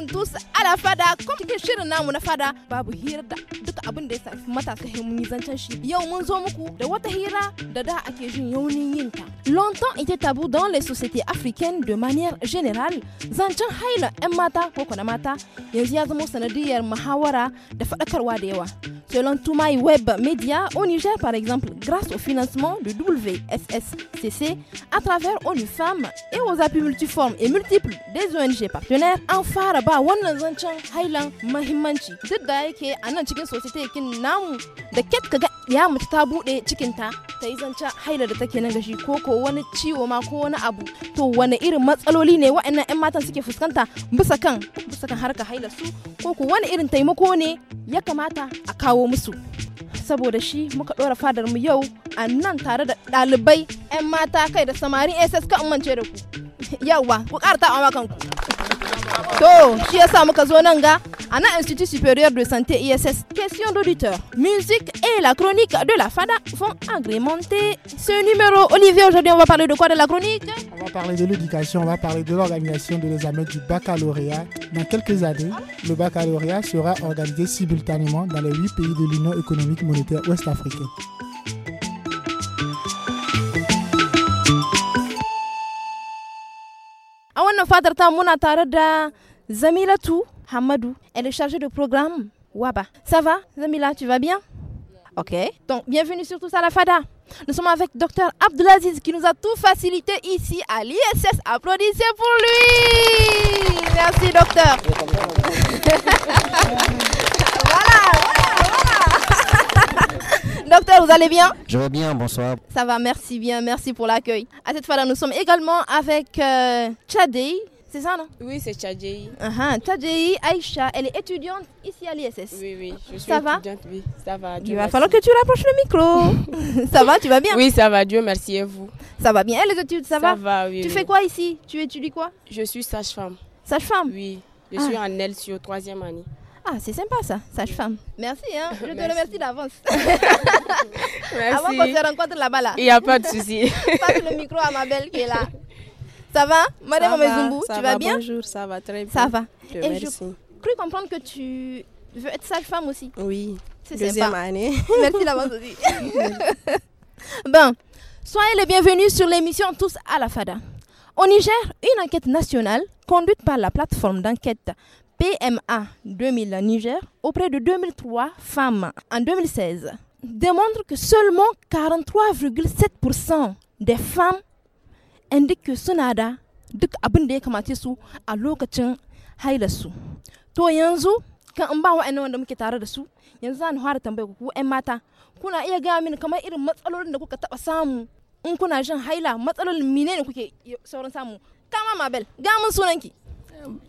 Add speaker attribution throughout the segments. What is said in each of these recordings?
Speaker 1: jin tusa ala fada kuma cikin shirin namu na fada babu hira da duka abin da ya sa matasa mun yi zancen shi yau mun zo muku da wata hira da da ake jin yaunin yinta longtemps était tabou dans les sociétés africaines de manière générale Zanchan Haïla mata ko kuna mata Mahawara ya zama selon Toumaï Web Media au Niger par exemple grâce au financement de WSSCC à travers ONU Femmes et aux appuis multiformes et multiples des ONG partenaires en fara ba wannan Haïla hailan mahimmanci duk da yake a nan cikin société namu da ya mutu ta buɗe cikinta ta yi zancen haila da take nan gashi ko ko wani ciwo ma ko wani abu to wani irin matsaloli ne wa'annan 'yan matan suke fuskanta bisa kan bisa kan harka haila su ko ko wani irin taimako ne ya kamata a kawo musu saboda shi muka ɗora fadar mu yau a nan tare da ɗalibai 'yan mata kai da samarin ss ka mance da ku yawa ku ƙara ta'awa ku. Donc, je suis muka Institut supérieur de santé ISS. Question d'auditeur. Musique et la chronique de la FADA vont agrémenter ce numéro. Olivier, aujourd'hui, on va parler de quoi de la
Speaker 2: chronique On va parler de l'éducation, on va parler de l'organisation de l'examen du baccalauréat. Dans quelques années, le baccalauréat sera organisé simultanément dans les 8 pays de l'Union économique monétaire ouest-africaine.
Speaker 1: ta muna Hamadou. Elle est chargée de programme Waba. Ça va, Zamila, tu vas bien Ok. Donc, bienvenue sur à la Fada. Nous sommes avec docteur Abdelaziz qui nous a tout facilité ici à l'ISS. Applaudissez pour lui Merci, docteur. Docteur, vous allez bien
Speaker 3: Je vais bien, bonsoir.
Speaker 1: Ça va, merci bien, merci pour l'accueil. À cette fois-là, nous sommes également avec euh,
Speaker 4: C'est ça, non Oui, c'est Tchadjei.
Speaker 1: Uh ah, -huh. Ah, Aïcha, elle est étudiante ici à l'ISS. Oui, oui, je suis ça étudiante, oui, ça va. Il va falloir
Speaker 4: que tu rapproches le micro. ça va, tu vas bien Oui, ça va, Dieu merci et vous. Ça va bien, Elle est études, ça, va Ça va, oui. Tu fais quoi ici Tu étudies quoi Je suis sage-femme. Sage-femme Oui, je suis ah. en LCO, troisième année. Ah, c'est sympa ça, sage-femme. Merci, hein. je te remercie d'avance. Avant qu'on se
Speaker 1: rencontre là-bas. Là. Il n'y a
Speaker 4: pas de souci.
Speaker 1: Passe le micro à ma belle qui est là.
Speaker 4: Ça va, Madame Mezumbu, tu vas va, bien Bonjour, ça va très bien. Ça va. Je Et merci. je
Speaker 5: cru
Speaker 1: comprendre que tu veux être sage-femme aussi. Oui. C'est Deuxième année. Merci d'avance aussi. bon, soyez les bienvenus sur l'émission Tous à la Fada. Au Niger, une enquête nationale conduite par la plateforme d'enquête PMA 2000 Niger auprès de 2003 femmes en 2016 démontre que seulement 43,7% des femmes indiquent que sonAda duk su a lokacin su. To yanzu kan in ba wa'annan wanda muke tare da su yanzu za kuna iya kamar irin matsalolin da kuka samu ne kama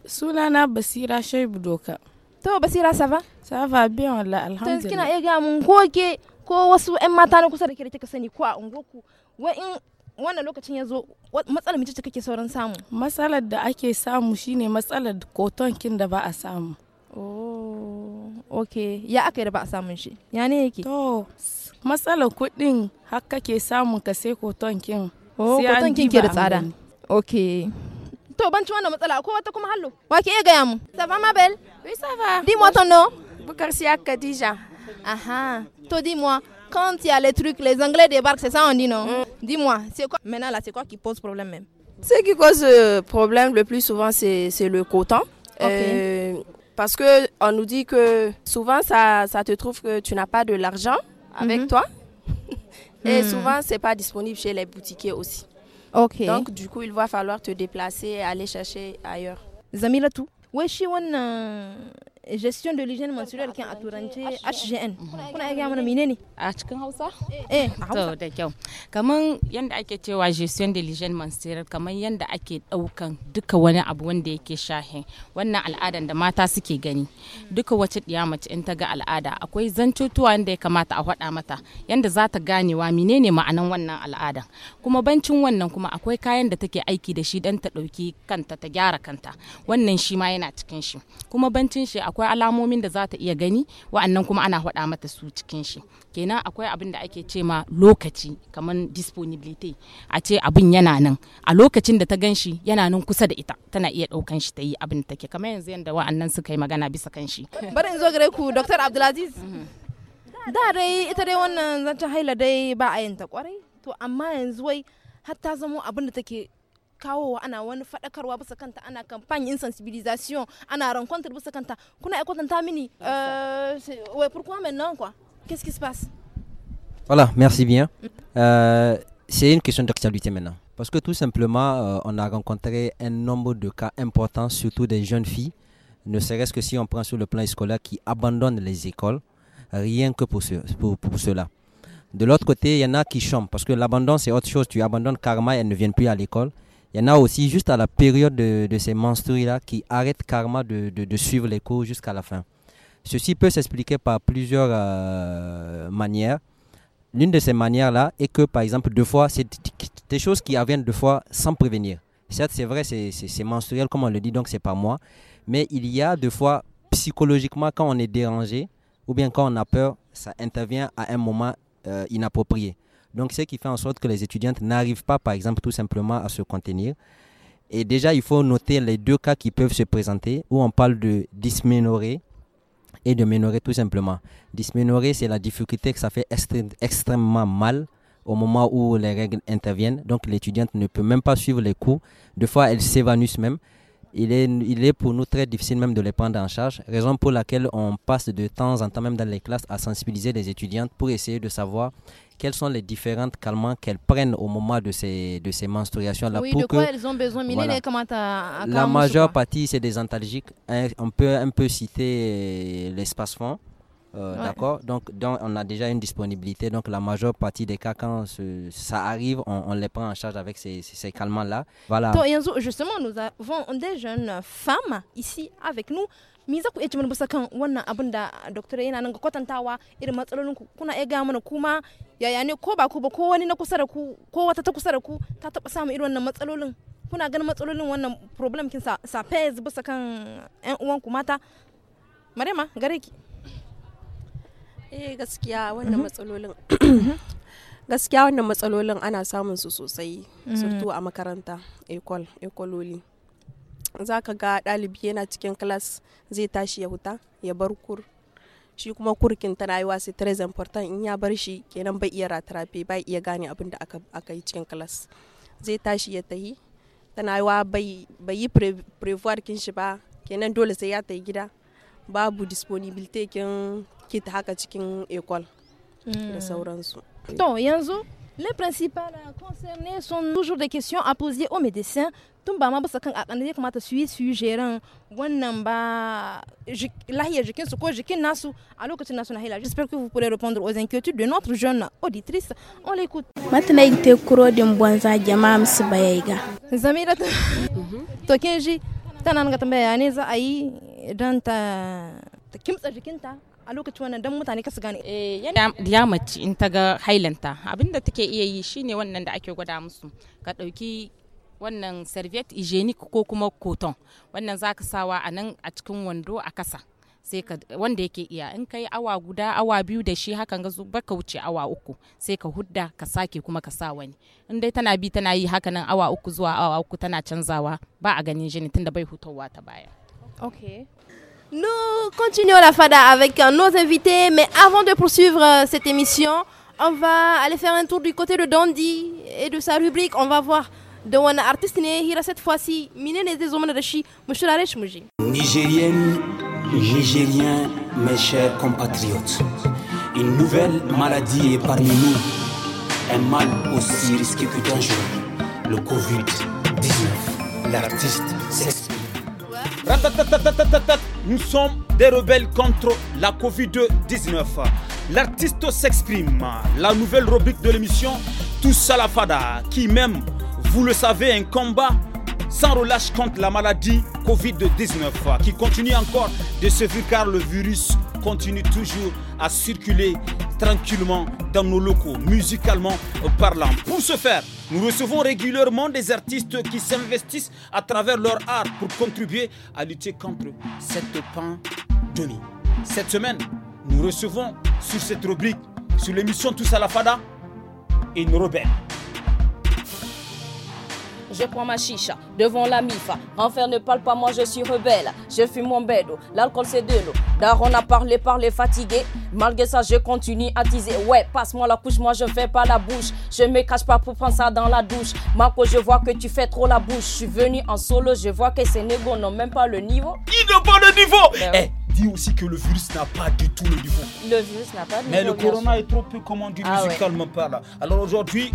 Speaker 1: Sunana Basira Shaibu Doka. To Basira Safa? Safa biyan wala alhamdulillah. To kina iya ga mun ko ke ko wasu 'yan mata na kusa da ke da kika sani ko a unguwarku wa'in wannan lokacin ya zo matsalar mace ta kake sauran samu matsalar da ake samu shine matsalar koton kin da ba a samu
Speaker 4: oh
Speaker 1: ok ya aka yi da ba a samun shi ya ne yake to
Speaker 4: matsalar kuɗin har kake samun ka sai koton kin oh koton kin
Speaker 1: ke da tsada ok ça va ma belle oui ça va dis-moi ton nom Khadija aha to dis-moi quand il y a les trucs les anglais débarquent c'est ça on dit non mm. dis-moi c'est quoi maintenant là c'est quoi qui pose problème même
Speaker 4: ce qui cause euh, problème le plus souvent c'est le coton euh, parce que on nous dit que souvent ça, ça te trouve que tu n'as pas de l'argent avec mhm. toi et mm. souvent c'est pas disponible chez les boutiquiers aussi donc, du coup, il va falloir te déplacer et aller chercher ailleurs. Euh,
Speaker 1: gestion de l'hygiène menstruelle kin a turance HGN kuna iya mana menene
Speaker 6: a ah, cikin Hausa eh to da kyau kaman yanda ake cewa gestion de l'hygiène menstruelle kaman yanda ake daukan duka wani abu wanda yake shahin wannan al'adan da mata suke gani duka wace diya mace in ta ga al'ada akwai zancutuwa da ya kamata a faɗa mata yanda za ta ganewa menene ma'anan wannan al'adan kuma bancin wannan kuma akwai kayan da take aiki da shi dan ta dauki kanta ta gyara kanta wannan shi ma yana cikin shi kuma bancin shi akwai akwai alamomin da za ta iya gani wa'annan kuma ana faɗa mata su cikin shi kenan akwai abin da ake ce ma lokaci kamar disponibility a ce abin yana nan a lokacin da ta gan shi yana nan kusa da ita tana iya ɗaukan shi ta yi abin da take kamar yanzu yadda wa'annan suka yi magana bisa kan shi
Speaker 1: bari in zo gare ku dr abdulaziz mhm. da dai ita dai wannan zancen haila dai ba a yin ta kwarai to amma yanzu wai har ta zamo abin da take kawowa ana wani bisa campagne sensibilisation ana rencontre bisa kanta kuna eh, pourquoi maintenant quoi qu'est-ce qui se passe
Speaker 3: voilà merci bien mm-hmm. euh, c'est une question d'actualité maintenant parce que tout simplement euh, on a rencontré un nombre de cas importants surtout des jeunes filles ne serait-ce que si on prend sur le plan scolaire qui abandonnent les écoles rien que pour, pour, cela de l'autre côté, il y en a qui chantent parce que l'abandon, c'est autre chose. Tu abandonnes karma, elles ne viennent plus à l'école. Il y en a aussi juste à la période de, ces menstrues-là qui arrêtent karma de, suivre les cours jusqu'à la fin. Ceci peut s'expliquer par plusieurs euh, manières. L'une de ces manières-là est que, par exemple, deux fois, c'est des choses qui arrivent deux fois sans prévenir. Certes, c'est vrai, c'est menstruel, comme on le dit, donc c'est pas moi. Mais il y a deux fois, psychologiquement, quand on est dérangé, ou bien quand on a peur, ça intervient à un moment euh, inapproprié. Donc, ce qui fait en sorte que les étudiantes n'arrivent pas, par exemple, tout simplement à se contenir. Et déjà, il faut noter les deux cas qui peuvent se présenter, où on parle de dysménorrhée et de ménorer tout simplement. Dysménorrhée, c'est la difficulté que ça fait extrêmement mal au moment où les règles interviennent. Donc l'étudiante ne peut même pas suivre les cours. Des fois, elle s'évanouit même il est, il est pour nous très difficile même de les prendre en charge, raison pour laquelle on passe de temps en temps même dans les classes à sensibiliser les étudiantes pour essayer de savoir quels sont les différents calmants qu'elles prennent au moment de ces, de ces menstruations-là. de quoi elles
Speaker 1: ont besoin La majeure
Speaker 3: partie, c'est des antalgiques. On peut un peu citer euh, l'espace fond euh, ouais. D'accord Donc, donc, on a déjà une disponibilité. Donc, la majeure partie des cas, quand ce, ça arrive, on, on, les prend en charge avec ces, ces, ces calmants-là. Voilà. Donc,
Speaker 1: Yanzo, justement, nous avons des jeunes femmes ici avec nous. me za ku iya cimin kan wannan abin da doktora yana nan ga kwatantawa irin matsalolin ku kuna iya gaya mana kuma yaya ne ko ba ku ba ko wani na kusa da ku ko wata ta kusa da ku ta taba samu irin wannan matsalolin kuna ganin matsalolin wannan problem kin sa sa bisa kan yan ku
Speaker 5: mata Marema gare ki eh gaskiya wannan mhm. matsalolin gaskiya wannan matsalolin ana samun su sosai mhm. surtu a makaranta ekol ekololi za ka ga ɗalibi yana cikin klas zai tashi ya huta ya bar kur shi kuma kurkin tana yi wasu tres important in ya bar shi kenan bai iya ratarafe bai iya gane abin da aka yi cikin klas zai tashi ya tahi tana yi wa bai yi prevoir kin shi ba kenan dole sai ya tayi gida babu disponibility kin kita haka cikin ecole da hmm. sauransu to yanzu
Speaker 1: Les principales concernées
Speaker 5: sont toujours des questions
Speaker 1: à poser aux médecins. Tumba ma basa kan akanda ya kamata su yi sugeren wannan ba lahiyar jikin su ko jikin nasu a lokacin nasu na haila. J'espère que vous pourrez répondre aux inquiétudes de notre jeune auditrice. On l'écoute.
Speaker 5: Matana ite kuro din bonza jama'a musu bayaiga.
Speaker 1: Zamira mhm. to kenji tana ga tambaya ne za a yi Idan ta kimtsa jikinta a lokacin wannan don mutane kasu gane eh, ya
Speaker 6: mace in ta ga hailanta abinda take iya yi shine wannan da ake gwada musu ka ɗauki wannan serviette hygienic ko kuma coton wannan zaka sawa a nan a cikin wando a kasa sai ka wanda yake iya in kai awa guda awa biyu da shi hakan ga zuba ka wuce awa uku sai ka hudda ka sake kuma ka sa wani in dai tana bi tana yi hakanan awa uku zuwa awa uku tana canzawa ba a ganin jini tunda bai hutowa ta baya
Speaker 1: Ok. Nous continuons la fada avec euh, nos invités, mais avant de poursuivre euh, cette émission, on va aller faire un tour du côté de Dandy et de sa rubrique. On va voir de un artiste né cette fois-ci, Minene Zezomana Rashi,
Speaker 7: Nigérienne, Nigérien, mes chers compatriotes, une nouvelle maladie est parmi nous, un mal aussi risqué que dangereux, le
Speaker 2: Covid-19. L'artiste s'exprime
Speaker 7: nous sommes des rebelles contre la Covid-19. L'artiste s'exprime, la nouvelle rubrique de l'émission Tout la Fada, qui même, vous le savez, un combat sans relâche contre la maladie Covid-19, qui continue encore de se vivre car le virus continue toujours à circuler tranquillement dans nos locaux, musicalement parlant. Pour ce faire, nous recevons régulièrement des artistes qui s'investissent à travers leur art pour contribuer à lutter contre cette pandémie. Cette semaine, nous recevons sur cette rubrique, sur l'émission Tous à la Fada, une rebelle
Speaker 8: je prends ma chicha devant la MIFA. Enfer ne parle pas, moi je suis rebelle. Je fume mon bedo l'alcool c'est de l'eau. on a parlé, parlé fatigué. Malgré ça, je continue à teaser. Ouais, passe-moi la couche, moi je fais pas la bouche. Je me cache pas pour prendre ça dans la douche. Marco, je vois que tu fais trop la bouche. Je suis venu en solo, je vois que ces négos n'ont même pas le niveau. Ils n'ont pas le niveau! Ben
Speaker 7: eh, dis aussi que le virus n'a pas du tout le niveau. Le virus n'a pas le niveau. Mais le corona est trop peu commandé ah musicalement ouais. là Alors aujourd'hui,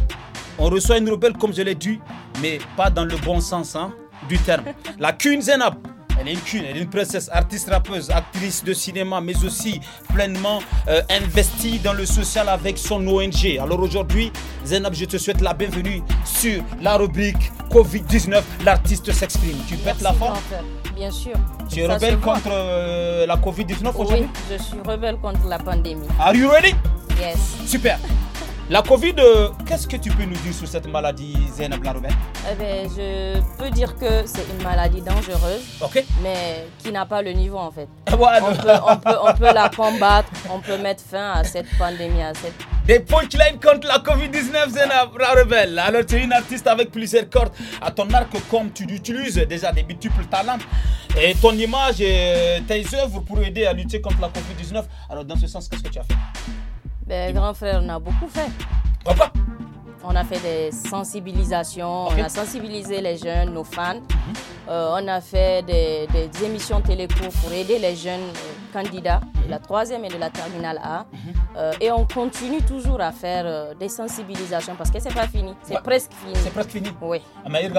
Speaker 7: on reçoit une rebelle, comme je l'ai dit, mais pas dans le bon sens hein, du terme. La cune Zenab, elle est une queen, elle est une princesse, artiste, rappeuse, actrice de cinéma, mais aussi pleinement euh, investie dans le social avec son ONG. Alors aujourd'hui, Zenab, je te souhaite la bienvenue sur la rubrique Covid-19, l'artiste s'exprime. Tu pètes la forme
Speaker 8: Bien sûr. Tu es rebelle contre
Speaker 7: euh, la Covid-19 aujourd'hui Oui,
Speaker 8: je suis rebelle contre la pandémie. Are you ready Yes.
Speaker 7: Super. La Covid, euh, qu'est-ce que tu peux nous dire sur cette maladie, Zainab
Speaker 8: eh ben, Je peux dire que c'est une maladie dangereuse, mais qui n'a pas le niveau en fait.
Speaker 7: On,
Speaker 8: peut, la combattre, on peut mettre fin à cette pandémie. À cette...
Speaker 7: Des punchlines contre la Covid-19, Zainab Alors tu es une artiste avec plusieurs cordes. À ton arc, comme tu l'utilises, déjà des multiples talents, et ton image et tes œuvres pour aider à lutter contre la Covid-19. Alors dans ce sens, qu'est-ce que tu as fait
Speaker 8: ben, grand frère, on a beaucoup fait. On a fait des sensibilisations, on a sensibilisé les jeunes, nos fans. Mhm. Euh, on a fait des, émissions télécours pour aider les jeunes euh, candidats de la troisième et de la terminale A. Mhm. Euh, et on continue toujours à faire des sensibilisations parce que c'est pas fini, c'est presque fini. C'est
Speaker 6: presque fini Oui.
Speaker 7: Mais il y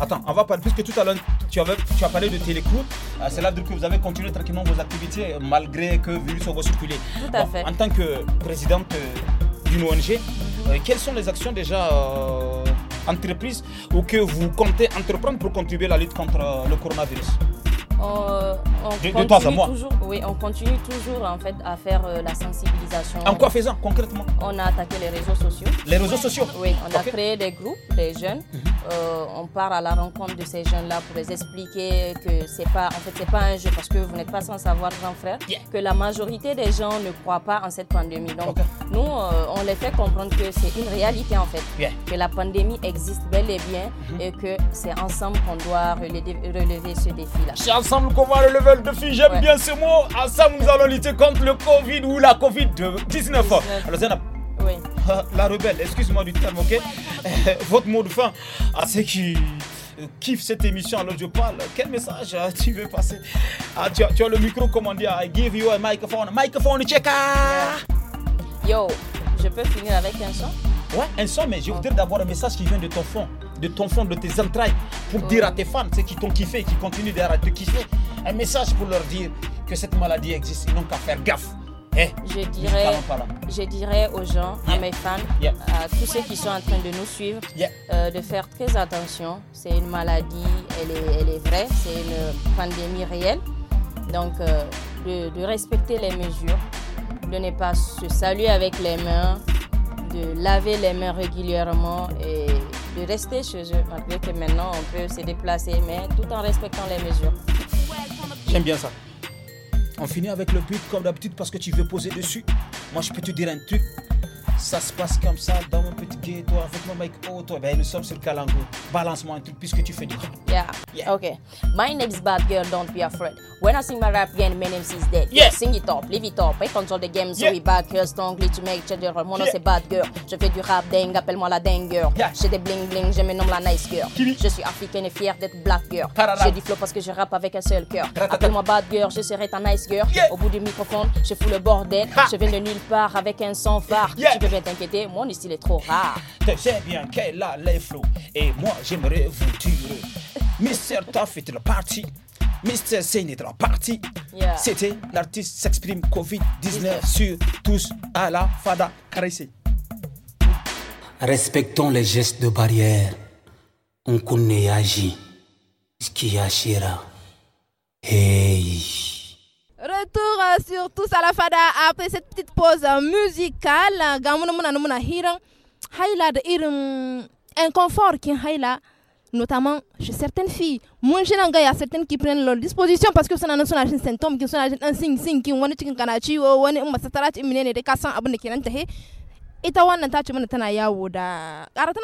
Speaker 7: attends, on va parler, puisque tout à l'heure, tu, as parlé de télécoute, euh, c'est là que vous avez continué tranquillement vos activités euh, malgré que le virus soit circulé. Tout à fait. En tant que présidente euh, d'une ONG, quelles sont les actions déjà entreprises ou que vous comptez entreprendre pour contribuer à la lutte contre le coronavirus
Speaker 8: euh, on, continue Toujours, oui, on continue toujours en fait à faire euh, la sensibilisation. En quoi faisant concrètement On a attaqué les réseaux sociaux. Les réseaux sociaux. Oui, on a créé des groupes, des jeunes. Mhm. Euh, on part à la rencontre de ces jeunes-là pour les expliquer que c'est pas, en fait, c'est pas un jeu parce que vous n'êtes pas sans savoir, grand frère, que la majorité des gens ne croient pas en cette pandémie. Donc, nous, euh, on les fait comprendre que c'est une réalité en fait, que la pandémie existe bel et bien mm-hmm. et que c'est ensemble qu'on doit relever, ce défi-là. C'est
Speaker 7: ensemble qu'on va relever le défi. J'aime bien ce mot. Ensemble, nous allons lutter contre le Covid ou la Covid-19. Alors, ah, la rebelle, excuse-moi du terme, ok eh, Votre mot de fin à ceux qui euh, kiffent cette émission alors je parle. Quel message tu veux passer ah, tu, as, tu, le micro, comment dire I give you a microphone. Microphone checker
Speaker 8: Yo, je peux finir avec un son
Speaker 7: Ouais, un son, mais je voudrais d'avoir un message qui vient de ton fond, de ton fond, de tes entrailles, pour dire à tes fans, ceux qui t'ont kiffé, qui continuent de te kiffer, un message pour leur dire que cette maladie existe, ils n'ont qu'à faire gaffe. Eh, je, dirais,
Speaker 8: je dirais aux gens, à mes fans, à tous ceux qui sont en train de nous suivre, euh, de faire très attention. C'est une maladie, elle est, vraie, c'est une pandémie réelle. Donc, euh, de, de, respecter les mesures, de ne pas se saluer avec les mains, de laver les mains régulièrement et de rester chez eux, malgré que maintenant on peut se déplacer, mais tout en respectant les mesures.
Speaker 7: J'aime bien ça. On finit avec le but comme d'habitude parce que tu veux poser dessus. Moi, je peux te dire un truc. Ça se passe comme ça dans mon petit ghetto avec mon mic haut, toi. Ben, nous sommes sur Kalango. Balance-moi un truc puisque tu fais du rap.
Speaker 4: Yeah. yeah.
Speaker 8: Okay. My name's Bad Girl, don't be afraid. When I sing my rap again, my name is dead. Yeah. Sing it up, leave it up. I control the game, so we bad girls, strongly glitch, make change. Mon nom c'est Bad Girl. Je fais du rap dingue, appelle-moi la dingue Yeah. J'ai des bling bling, je me nomme la nice girl. Je suis africaine et fière d'être black girl. J'ai du flow parce que je rappe avec un seul cœur. Appelle-moi Bad Girl, je serai ta nice girl. Yeah. Au bout du microphone, je fous le bordel. Je viens de nulle part avec un son phare. Yeah je t'inquiéter, mon style est trop rare.
Speaker 7: Tu sais bien qu'elle a les flots et moi j'aimerais vous tuer. Mister Taff est la partie. Mister est la partie. C'était l'artiste s'exprime Covid-19 sur tous à la fada caressée. Respectons les gestes de barrière. On connaît agi. Ce qui Hey
Speaker 1: retour euh, sur Tous à la Fada après cette petite pause euh, musicale. Euh, Gamuna de inconfort qui là notamment chez certaines filles. Moi, je certaines qui prennent leur disposition parce que un symptôme, qui sont un qui un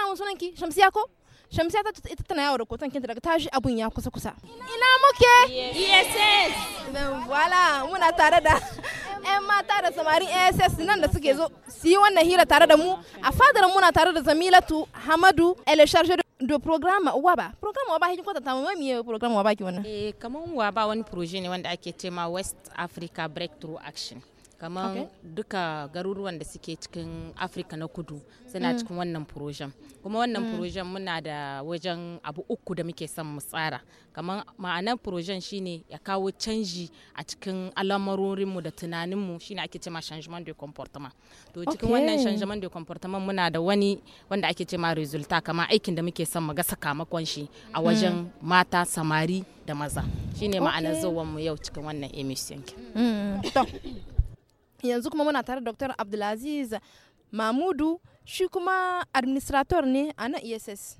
Speaker 1: un shamsiya ta ita tana yawo rahoton kinta daga tashi abun ya kusa kusa ina muke ess wala muna tare da yan mata da samarin ess nan da suke zo su yi wannan hira tare da mu a fadar muna tare da zamilatu hamadu elisharshe do ba waba programa ba hin kwata mu mai wa ba ki wannan
Speaker 6: eh kaman waba wani proje ne wanda ake cema west africa breakthrough action kamar duka garuruwan da suke cikin afirka na kudu suna mm. cikin wannan projen kuma wannan mm. muna da wajen abu uku da muke son mu tsara kamar ma'anar projen shine ya kawo canji a cikin al'amarorinmu da tunaninmu shine ake cema changement de comportement to cikin wannan changement de comportement muna da wani wanda ake cema resulta kamar aikin da muke son mu ga sakamakon shi a wajen mm. mata samari da maza shine ma'anar zuwan mu yau cikin wannan emission
Speaker 1: yanzu kuma muna tare da Dr. Abdulaziz Mamudu shi kuma administrator ne a nan ESS.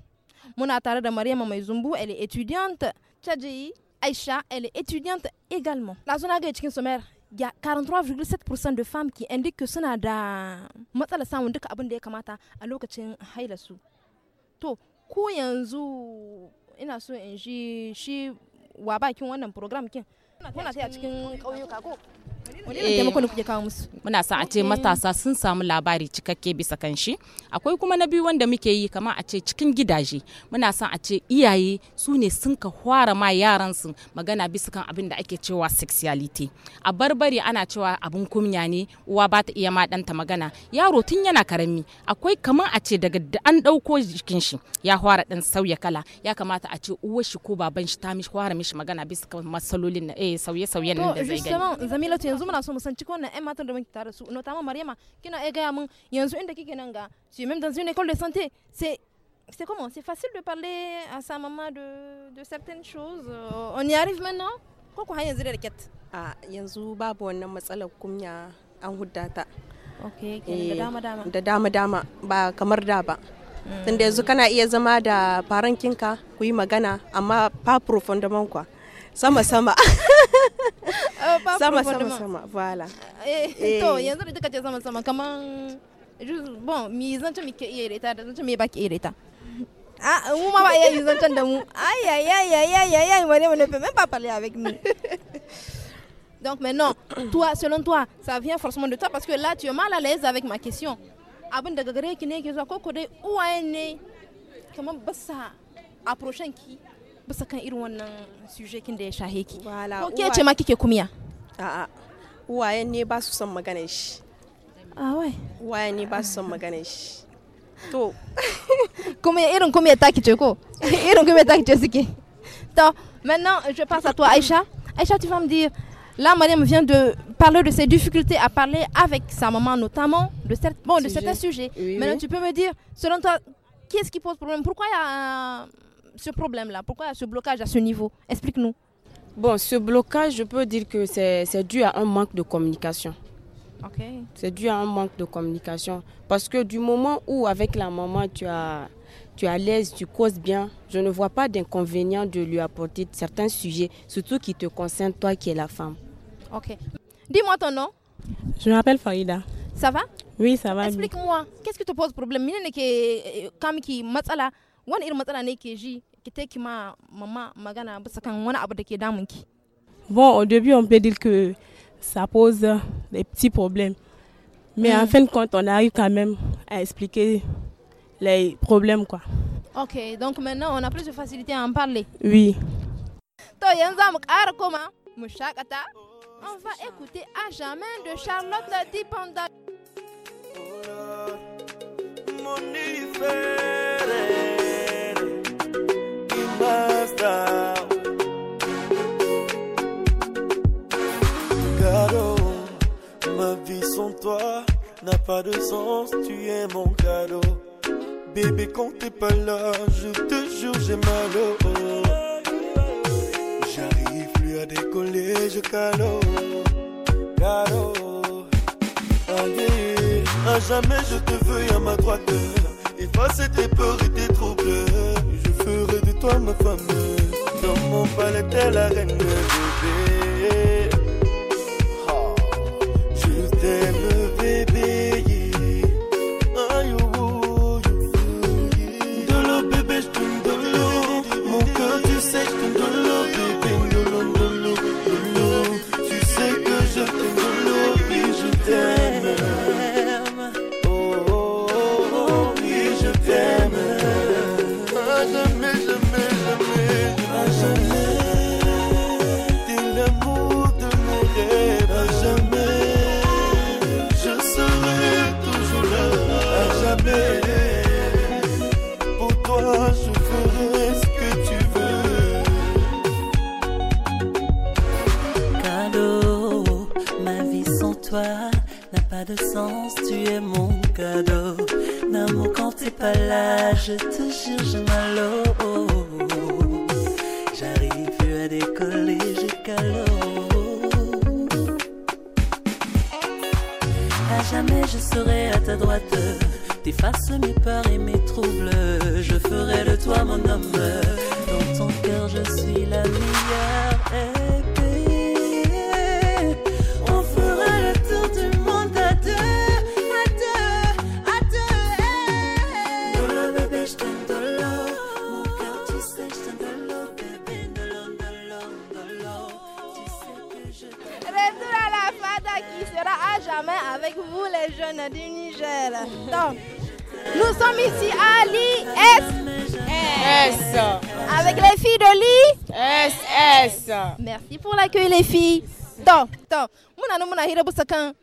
Speaker 1: Muna tare da Maryama Mai Zumbu, elle est étudiante. Tchadji Aisha, elle est étudiante également. La zone agri cikin sommaire, y a 43,7% de femmes qui indiquent que suna da matsala samun duka abin da ya kamata a lokacin hailarsu. To, ko yanzu ina so in ji shi wa bakin wannan program kin. Kuna ta cikin ƙauyuka ko?
Speaker 6: muna son a ce matasa sun samu labari cikakke bisa kan shi akwai kuma na biyu wanda muke yi kama a ce cikin gidaje muna son a ce iyaye su ne sun ka fara ma yaran su magana bisa kan abin da ake cewa sexuality a barbari ana cewa abin kunya ne uwa ba ta iya ma magana yaro tun yana karami akwai kamar a ce daga da an ɗauko jikin shi ya fara ɗan sauya kala ya kamata a ce uwar shi ko baban shi ta mishi fara mishi magana bisa kan matsalolin na eh, sauye-sauyen nan da zai
Speaker 1: gani yanzu muna so mu san ciki wannan ƴan matan da muke tare da su notamment Maryama kina iya gaya mun yanzu inda kike nan ga si même dans une école de santé c'est c'est comment c'est facile de parler à sa maman de de certaines choses
Speaker 5: euh, on y arrive maintenant ko ko har yanzu da a yanzu babu wannan matsalar kunya an huddata okay da eh, dama dama da dama dama ba kamar da ba mm. tunda yanzu kana iya zama da farankinka ku yi magana amma fa profondément kwa sama sama euh, sama sama sama voilà
Speaker 1: et yanzu da kika ce sama sama kaman bon mi zancen mi ke iya rita mi ba ke Ah, on m'a pas eu entendre de moi. Aïe, aïe, aïe, aïe, aïe, aïe, aïe, ne peut même pas parler avec nous. Donc maintenant, toi, selon toi, ça vient forcément de toi parce que là, tu es mal à l'aise avec ma question. Abin da gagare qui ne ke zuwa ko ko dai uwaye ne kamar ba sa approaching bisa kan irin wannan
Speaker 5: sujekin da ya shahe ki qui est ce ma kike kumiya a'a uwayen ne ba su son maganar shi ouais. wai uwayen ne ba su son maganar shi to
Speaker 1: kuma irin kuma ya taki ce ko irin kuma ya taki ce suke to maintenant je passe à toi Aïcha Aïcha tu vas me dire Là, Mariam vient de parler de ses difficultés à parler avec sa maman, notamment de, cette, bon, de certains sujets. Maintenant, tu peux me dire, selon toi, qu'est-ce qui pose problème Pourquoi il y a un, ce problème-là Pourquoi ce blocage à ce niveau
Speaker 4: Explique-nous. Bon, ce blocage, je peux dire que c'est dû à un manque de communication. Ok. C'est dû à un manque de communication. Parce que du moment où avec la maman, tu as tu es à l'aise, tu causes bien, je ne vois pas d'inconvénient de lui apporter certains sujets, surtout qui te concernent, toi qui es la femme.
Speaker 1: Ok. Dis-moi ton nom.
Speaker 5: Je m'appelle Farida. Ça va Oui, ça va.
Speaker 1: Explique-moi, qu'est-ce qui te pose problème Quand eh, eh, matsala, matsala ne ki te ki ma mama magana bisa kan wani abu da ke damun ki
Speaker 6: bon au début on peut dire que ça pose des petits problèmes mais mm. en fin de compte on arrive quand même à expliquer
Speaker 4: les problèmes quoi
Speaker 1: ok donc maintenant on a plus de facilité à en parler oui to yanzu mu ƙara koma mu shakata on va écouter à jamais de Charlotte la dépendante mon
Speaker 7: ma vie sans toi n'a pas de sens, tu es mon cadeau. Bébé, quand t'es pas là, je te jure, j'ai mal au haut. J'arrive plus à décoller, je calo. Calo. Allez, à jamais je te veux à ma droite. efface tes peurs et tes troubles. Je ferai de toi ma femme, Dans mon palais, t'es la reine bébé. Ah, juste
Speaker 9: cadeau. quand t'es pas
Speaker 3: là, je te jure, je m'alloue. J'arrive plus à décoller, qu'à l'eau
Speaker 9: À jamais je serai à ta droite. T'effaces mes peurs et mes troubles.
Speaker 1: da bisa kan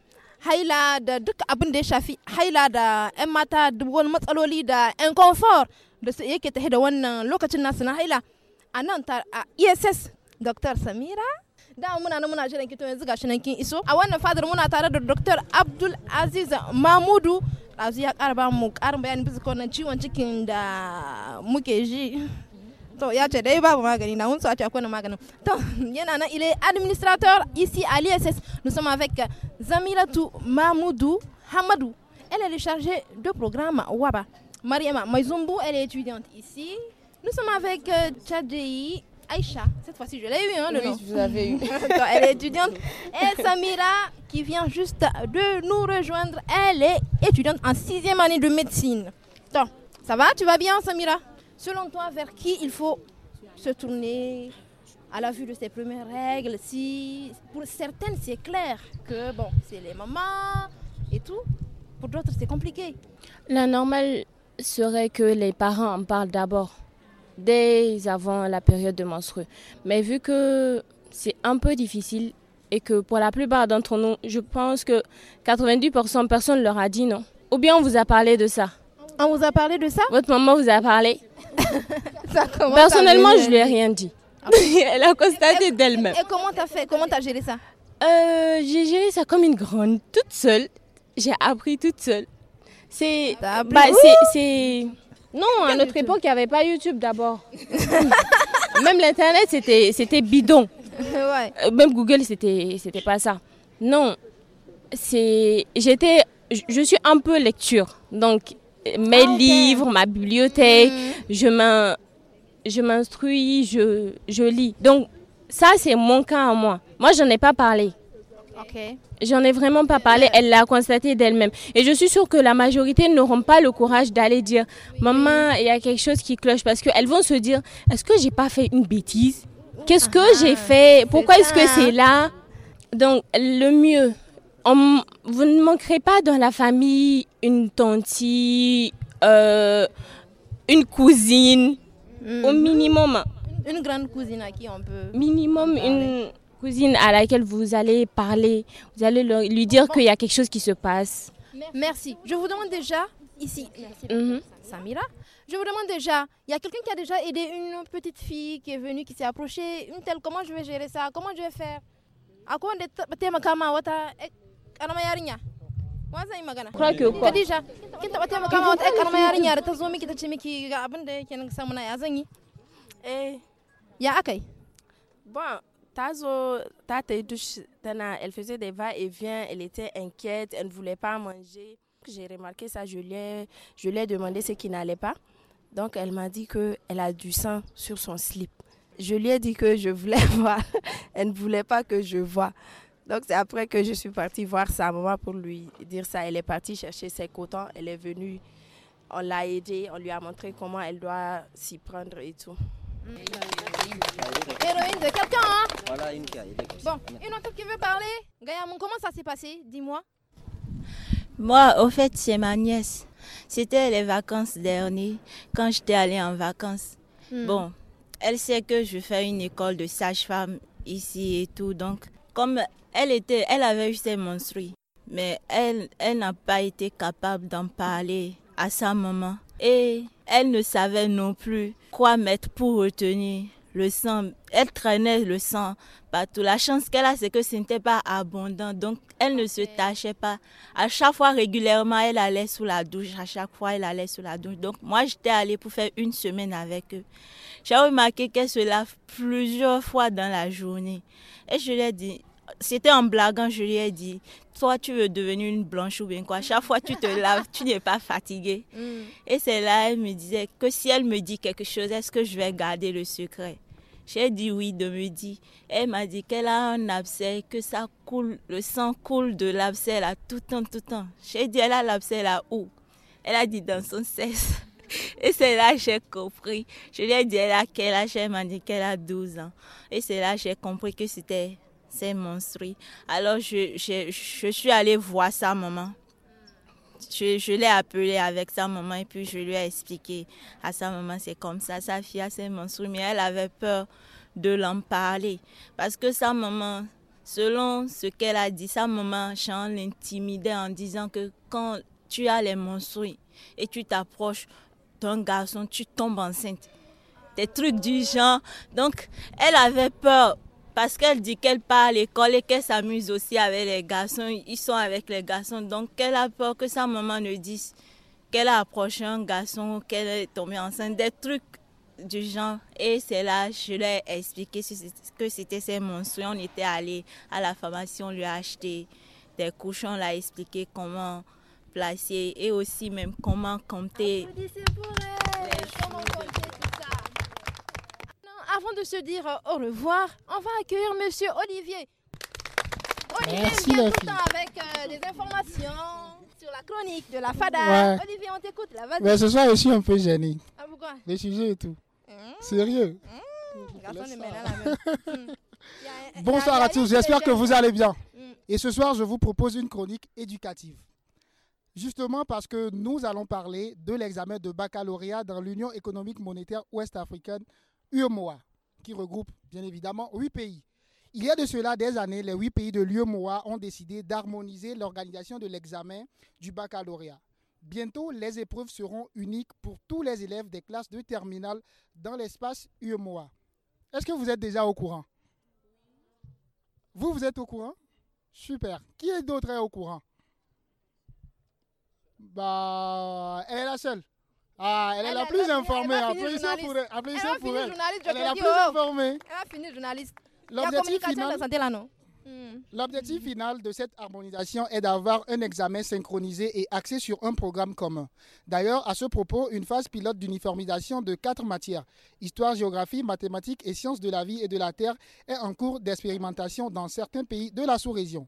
Speaker 1: haila da duk abin da ya shafi haila da 'yan mata duk wani matsaloli da 'yan comfort da su yake tafi da wannan lokacin nasu na haila a nan ta a ess dr samira da muna nan muna jiran kito yanzu gashi nan kin iso a wannan fadar muna tare da dr abdul aziz mamudu ɗazu ya ƙara ba mu ƙarin bayani bisa ciwon cikin da muke ji il est administrateur ici à l'ISS nous sommes avec Zamira Mamoudou Hamadou elle est chargée de programme Waba Mariama Maizumbu elle est étudiante ici nous sommes avec euh, Tchadji Aïcha, cette fois-ci je l'ai eu, hein, vous avez eu. elle est étudiante. Et Samira, qui vient juste de nous rejoindre, elle est étudiante en sixième année de médecine. Donc, ça va Tu vas bien, Samira Selon toi, vers qui il faut se tourner à la vue de ces premières règles si, Pour certaines, c'est clair que bon, c'est les mamans et tout. Pour d'autres, c'est compliqué.
Speaker 10: La normale serait que les parents en parlent d'abord, dès avant la période de menstrues. Mais vu que c'est un peu difficile et que pour la plupart d'entre nous, je pense que 90% personnes leur a dit non. Ou bien on vous a parlé de ça. On vous a parlé de ça
Speaker 1: Votre maman vous a parlé. Personnellement, je lui ai rien
Speaker 10: dit. Ah elle a constaté d'elle-même. Et
Speaker 1: comment t'as fait Comment t'as géré ça euh, J'ai géré ça comme une grande,
Speaker 10: toute seule. J'ai appris toute seule. C'est, bah, c'est, non, à notre époque, il n'y avait pas YouTube d'abord. Même l'internet, c'était, c'était bidon. Euh, même Google, c'était, c'était pas ça. Non, c'est, j'étais, je suis un peu lecture, donc mes ah, livres, ma bibliothèque, mm. je m'instruis, je, je, lis. Donc ça, c'est mon cas à moi. Moi, n'en ai pas parlé. Okay. J'en ai vraiment pas parlé, elle l'a constaté d'elle-même. Et je suis sûre que la majorité n'auront pas le courage d'aller dire Maman, il y a quelque chose qui cloche parce qu'elles vont se dire Est-ce que j'ai pas fait une bêtise Qu'est-ce que ah, j'ai fait Pourquoi est-ce que c'est là Donc, le mieux, vous ne manquerez pas dans la famille une tante, euh, une cousine,
Speaker 1: mm-hmm. au minimum. Une grande cousine à qui on peut.
Speaker 10: Minimum une cousine à laquelle vous allez parler, vous allez lui dire qu'il y a quelque chose qui se passe.
Speaker 1: Merci. Je vous demande déjà, ici, mm-hmm. Samira, je vous demande déjà, il y a quelqu'un qui a déjà aidé une petite fille qui est venue, qui s'est approchée, une telle, comment je vais gérer ça, comment je vais faire elle
Speaker 4: faisait des va et vient elle était inquiète elle ne voulait pas manger j'ai remarqué ça je lui je ai demandé ce qui n'allait pas donc elle m'a dit que elle a du sang sur son slip je lui ai dit que je voulais voir elle ne voulait pas que je voie donc c'est après que je suis partie voir sa maman pour lui dire ça. Elle est partie chercher ses cotons, elle est venue, on l'a aidée, on lui a montré comment elle doit s'y prendre et tout. Héroïne de quelqu'un, hein
Speaker 3: Voilà, une qui Bon,
Speaker 1: une autre qui veut parler Gayamon, comment ça s'est passé Dis-moi.
Speaker 9: Moi, au fait, c'est ma nièce. C'était les vacances dernières, quand j'étais allée en vacances. Hmm. Bon, elle sait que je fais une école de sage-femme ici et tout, donc comme elle, était, elle avait eu ses menstrues, mais elle, elle n'a pas été capable d'en parler à sa maman. Et elle ne savait non plus quoi mettre pour retenir le sang. Elle traînait le sang partout. La chance qu'elle a, c'est que ce n'était pas abondant. Donc, elle ne se tâchait pas. À chaque fois, régulièrement, elle allait sous la douche. À chaque fois, elle allait sous la douche. Donc, moi, j'étais allée pour faire une semaine avec eux. J'ai remarqué qu'elle se lave plusieurs fois dans la journée. Et je lui ai dit, c'était en blaguant, je lui ai dit, toi tu veux devenir une blanche ou bien quoi, chaque fois tu te laves, tu n'es pas fatiguée. Mm. Et c'est là, elle me disait que si elle me dit quelque chose, est-ce que je vais garder le secret J'ai dit oui de me dire. Elle m'a dit qu'elle a un abcès, que ça coule, le sang coule de l'abcès là tout le temps, tout le temps. J'ai dit, elle a l'abcès là où Elle a dit dans son sexe. Et c'est là que j'ai compris. Je lui ai dit, elle a quel âge Elle m'a dit qu'elle a 12 ans. Et c'est là que j'ai compris que c'était c'est monstrueux. Alors je, suis allée voir sa maman. Je, l'ai appelée avec sa maman et puis je lui ai expliqué à sa maman c'est comme ça, sa fille a ses monstres, mais elle avait peur de l'en parler parce que sa maman, selon ce qu'elle a dit, sa maman, Jean l'intimidait en disant que quand tu as les monstres et tu t'approches d'un garçon, tu tombes enceinte. Des trucs du genre. Donc, elle avait peur parce qu'elle dit qu'elle part à l'école et qu'elle s'amuse aussi avec les garçons, ils sont avec les garçons, donc qu'elle a peur que sa maman ne dise qu'elle a approché un garçon, qu'elle est tombée enceinte, des trucs du genre. Et c'est là, je ai expliqué que c'était ces monstres. On était allé à la formation, on lui a acheté des couchons. on l'a expliqué comment placer et aussi même comment compter. de se dire euh, au
Speaker 1: revoir, on va accueillir Monsieur Olivier. Olivier Merci, vient tout le temps avec euh, des informations sur la chronique de la FADA. Olivier, on t'écoute vas Mais ce soir, je suis un
Speaker 2: peu gêné. Ah, pourquoi Les sujets et tout. Mmh. Sérieux mmh.
Speaker 1: Mmh.
Speaker 2: Bonsoir à tous, j'espère que vous allez bien. Et ce soir, je vous propose une chronique éducative. Justement parce que nous allons parler de l'examen de baccalauréat dans l'Union économique monétaire ouest-africaine, UMOA qui regroupe bien évidemment huit pays. Il y a de cela des années, les huit pays de l'UEMOA ont décidé d'harmoniser l'organisation de l'examen du baccalauréat. Bientôt, les épreuves seront uniques pour tous les élèves des classes de terminale dans l'espace UMOA. E Est-ce que vous êtes déjà au courant Vous, vous êtes au courant Super. Qui est d'autre au courant Bah, elle est la seule. Ah, elle, est la plus informée. pour pour elle. Elle est la plus oh. informée. Elle journaliste. L'objectif hmm. L'objectif final de cette harmonisation est d'avoir un examen synchronisé et axé sur un programme commun. D'ailleurs, à ce propos, une phase pilote d'uniformisation de quatre matières, histoire, géographie, mathématiques et sciences de la vie et de la terre, est en cours d'expérimentation dans certains pays de la sous-région.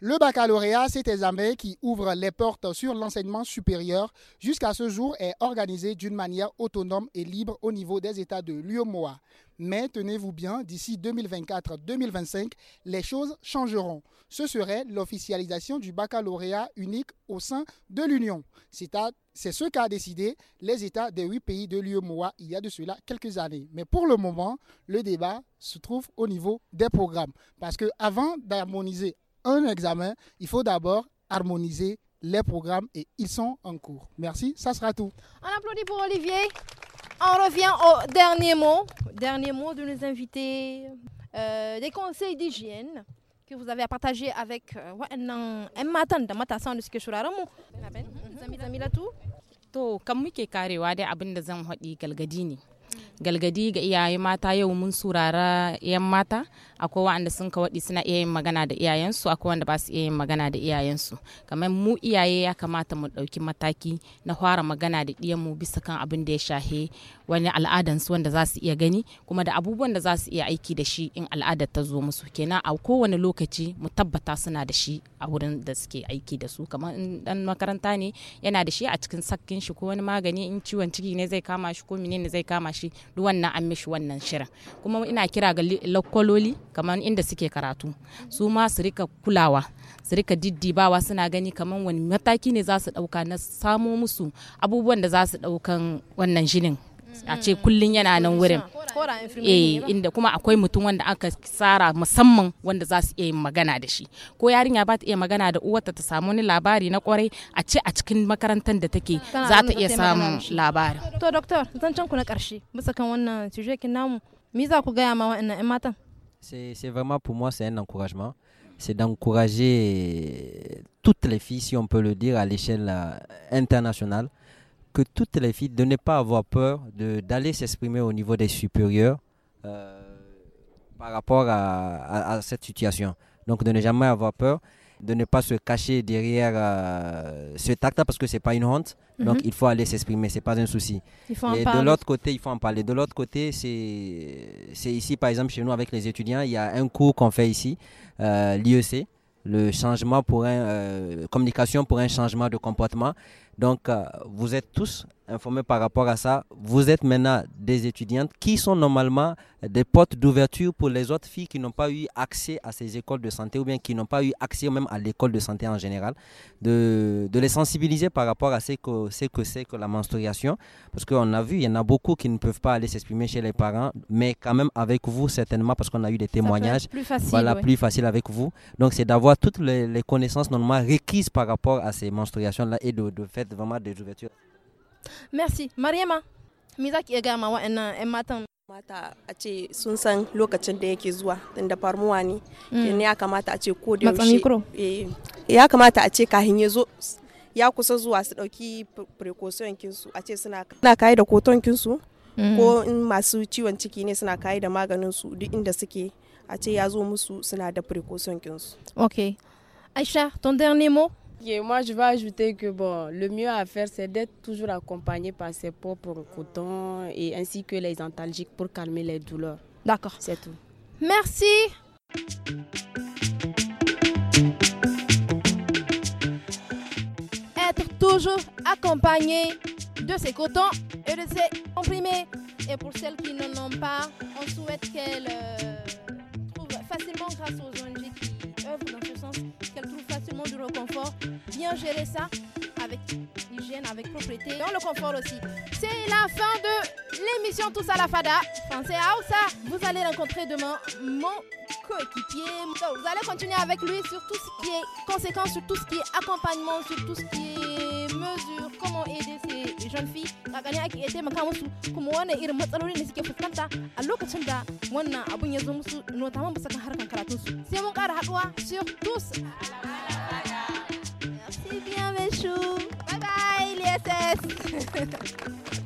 Speaker 2: Le baccalauréat, cet examen qui ouvre les portes sur l'enseignement supérieur jusqu'à ce jour est organisé d'une manière autonome et libre au niveau des États de l'UOMOA. Mais tenez-vous bien, d'ici 2024-2025, les choses changeront. Ce serait l'officialisation du baccalauréat unique au sein de l'Union. C'est ce qu'a décidé les États des huit pays de l'UEMOA il y a de cela quelques années. Mais pour le moment, le débat se trouve au niveau des programmes. Parce avant d'harmoniser un examen, il faut d'abord harmoniser les programmes et ils sont en cours. Merci, ça sera tout. On applaudit pour
Speaker 1: Olivier. On revient au dernier mot, dernier mot de nos invités, euh, des conseils d'hygiène que vous avez à partager avec euh, matin
Speaker 6: galgadi ga iyaye mata yau mun surara yan mata akwai wa'anda sun ka waɗi suna iya yin magana da iyayensu akwai wanda ba su iya yin magana da iyayensu kamar mu iyaye ya kamata mu ɗauki mataki na fara magana da ɗiyanmu bisa kan abin da ya shahe wani al'adansu wanda za su iya gani kuma da abubuwan da za su iya aiki da shi in al'adar ta zo musu kenan a kowane lokaci mu tabbata suna da shi a wurin da suke aiki da su kamar in dan makaranta ne yana da shi a cikin sakkin shi ko wani magani in ciwon ciki ne zai kama shi ko menene zai kama shi duk wannan an mishi wannan shirin kuma ina kira ga lokololi kamar inda suke karatu su ma su rika kulawa su rika diddibawa suna gani kamar wani mataki ne za su dauka na samo musu abubuwan da za su daukan wannan jinin a ce kullun yana nan wurin
Speaker 1: eh inda kuma
Speaker 6: akwai mutum wanda aka tsara musamman wanda za su iya magana da shi ko yarinya ba ta iya magana da uwarta ta samu wani labari na kwarai a ce a cikin makarantar da take za ta iya samun labari
Speaker 1: to doctor zancen ku na karshe bisa kan wannan sujekin namu mi za ku gaya ma wa'annan 'yan matan
Speaker 3: c'est vraiment pour moi c'est un encouragement c'est d'encourager toutes les filles si on peut le dire à l'échelle euh, internationale toutes les filles de ne pas avoir peur d'aller s'exprimer au niveau des supérieurs euh, par rapport à, cette situation. Donc de ne jamais avoir peur, de ne pas se cacher derrière euh, ce tact parce que c'est pas une honte. Mhm. Donc il faut aller s'exprimer, ce n'est pas un souci. de l'autre côté, il faut en parler. De l'autre côté, c'est ici, par exemple, chez nous, avec les étudiants, il y a un cours qu'on fait ici, euh, l'IEC le changement pour un, communication pour un changement de comportement. Donc, euh, vous êtes tous informés par rapport à ça. Vous êtes maintenant des étudiantes qui sont normalement des portes d'ouverture pour les autres filles qui n'ont pas eu accès à ces écoles de santé ou bien qui n'ont pas eu accès même à l'école de santé en général, de, les sensibiliser par rapport à ce que c'est que, la menstruation. Parce qu'on a vu, il y en a beaucoup qui ne peuvent pas aller s'exprimer chez les parents, mais quand même avec vous, certainement, parce qu'on a eu des témoignages. Plus facile, voilà, plus facile avec vous. Donc, c'est d'avoir toutes les, connaissances normalement requises par rapport à ces menstruations-là et de, de faire êtes vraiment des ouvertures.
Speaker 1: Merci.
Speaker 5: Mariama, me za ki iya gama wa'annan 'yan matan? Mata a ce sun san lokacin da yake zuwa tunda farmuwa ne. Mm. ne ya kamata a ce ko da yaushe. Eh, ya kamata a ce kahin ya zo ya kusa zuwa su ɗauki precaution kinsu a ce suna kayi da koton kinsu mm. ko in masu ciwon ciki ne suna kayi da maganin su duk inda suke a ce ya zo musu suna da precaution kinsu. Ok. Aisha,
Speaker 4: ton dernier mot? Et moi, je vais ajouter que bon, le mieux à faire, c'est d'être toujours accompagné par ses propres cotons et ainsi que les antalgiques pour calmer les douleurs. D'accord. C'est tout. Merci.
Speaker 1: Être toujours accompagné de ses cotons et de ses comprimés. Et pour celles qui n'en ont pas, on souhaite qu'elles euh, trouvent facilement grâce aux ONG dans ce sens, qu'elle trouve facilement du reconfort. bien gérer ça avec hygiène, avec propriété, dans le confort aussi. C'est la fin de l'émission Tous à la Fada, français à Aoussa. Vous allez rencontrer demain mon coéquipier. Vous allez continuer avec lui sur tout ce qui est conséquence, sur tout ce qui est accompagnement, sur tout ce qui est mesure, comment aider ses jean fi kakane ake iya taimaka musu kuma wannan irin matsalolin da suke fuskanta a lokacin da wannan abun ya zo musu nota man bisa kan harkan karatun su sai mun kara haduwa sur tous Merci bien mes choux. Bye bye les